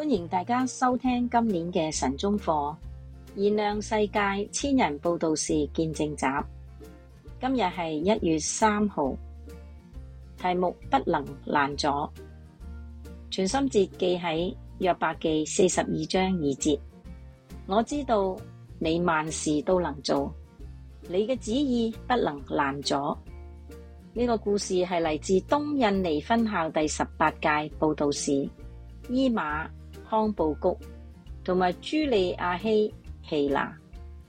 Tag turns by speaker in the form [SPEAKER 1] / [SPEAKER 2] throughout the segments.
[SPEAKER 1] 歡迎大家收聽今年嘅晨鐘課，燃亮世界千人佈道士見證集。今日係一月三號，題目不能攔阻，存心節記喺約伯記四十二章二節。我知道你萬事都能做，你嘅旨意不能攔阻。呢、這個故事係嚟自東印尼分校第十八屆佈道士伊馬。湯布谷同埋朱莉亞希奇娜。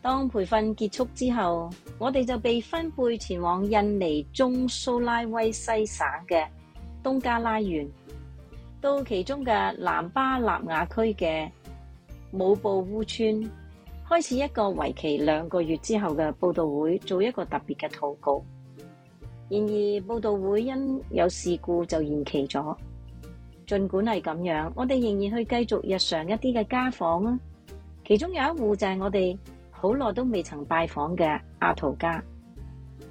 [SPEAKER 1] 當培訓結束之後，我哋就被分配前往印尼中蘇拉威西省嘅東加拉縣，到其中嘅南巴納亞區嘅武布烏村，開始一個為期兩個月之後嘅報道會，做一個特別嘅禱告。然而，報道會因有事故就延期咗。儘管係咁樣，我哋仍然去繼續日常一啲嘅家訪啊。其中有一戶就係我哋好耐都未曾拜訪嘅阿陶家，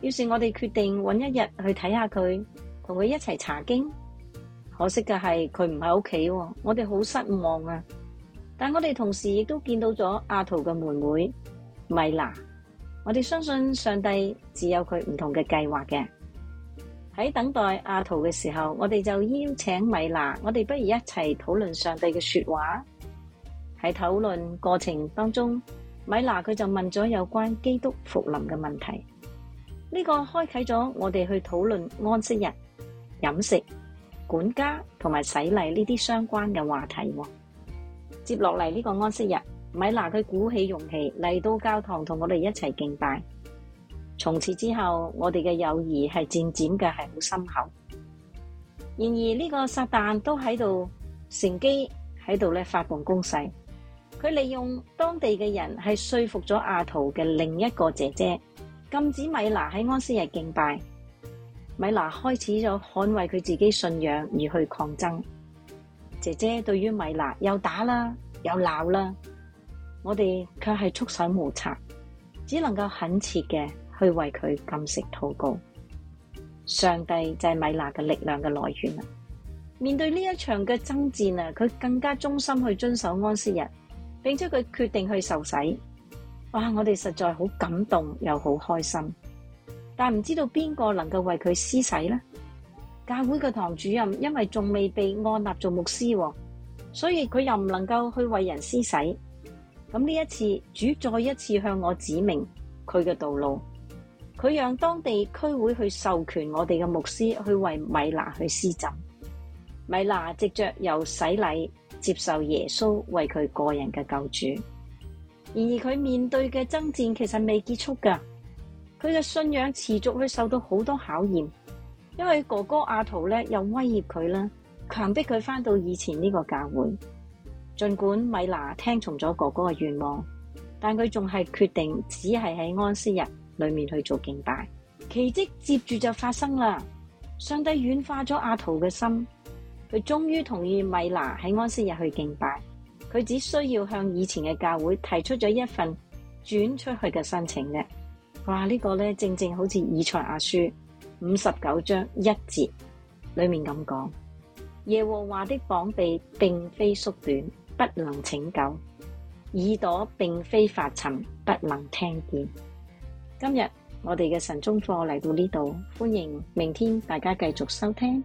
[SPEAKER 1] 於是我哋決定揾一日去睇下佢，同佢一齊查經。可惜嘅係佢唔喺屋企，我哋好失望啊。但我哋同時亦都見到咗阿陶嘅妹妹米娜，我哋相信上帝自有佢唔同嘅計劃嘅。喺等待阿圖嘅時候，我哋就邀請米娜，我哋不如一齊討論上帝嘅說話。喺討論過程當中，米娜佢就問咗有關基督復臨嘅問題，呢個開啟咗我哋去討論安息日飲食、管家同埋洗禮呢啲相關嘅話題。接落嚟呢個安息日，米娜佢鼓起勇氣嚟到教堂同我哋一齊敬拜。從此之後，我哋嘅友誼係漸漸嘅，係好深厚。然而呢個撒旦都喺度乘機喺度咧發動攻勢，佢利用當地嘅人係說服咗阿圖嘅另一個姐姐禁止米娜喺安息日敬拜。米娜開始咗捍衞佢自己信仰而去抗爭。姐姐對於米娜又打啦，又鬧啦，我哋卻係束手無策，只能夠懇切嘅。去為佢禁食禱告，上帝就係米娜嘅力量嘅來源啦。面對呢一場嘅爭戰啊，佢更加忠心去遵守安息日，並且佢決定去受洗。哇！我哋實在好感動又好開心，但唔知道邊個能夠為佢施洗呢？教會嘅堂主任因為仲未被按立做牧師，所以佢又唔能夠去為人施洗。咁呢一次，主再一次向我指明佢嘅道路。佢讓當地區會去授權我哋嘅牧師去為米娜去施浸。米娜藉着由洗禮接受耶穌為佢個人嘅救主。然而佢面對嘅爭戰其實未結束㗎。佢嘅信仰持續去受到好多考驗，因為哥哥阿圖咧又威脅佢啦，強迫佢翻到以前呢個教會。儘管米娜聽從咗哥哥嘅願望。但佢仲係決定只係喺安息日裏面去做敬拜，奇蹟接住就發生啦！上帝軟化咗阿圖嘅心，佢終於同意米娜喺安息日去敬拜。佢只需要向以前嘅教會提出咗一份轉出去嘅申請嘅哇！這個、呢個咧正正好似以賽亞書五十九章一節裏面咁講：耶和華的膀臂並非縮短，不能拯救。耳朵並非發沉，不能聽見。今日我哋嘅晨鐘課嚟到呢度，歡迎明天大家繼續收聽。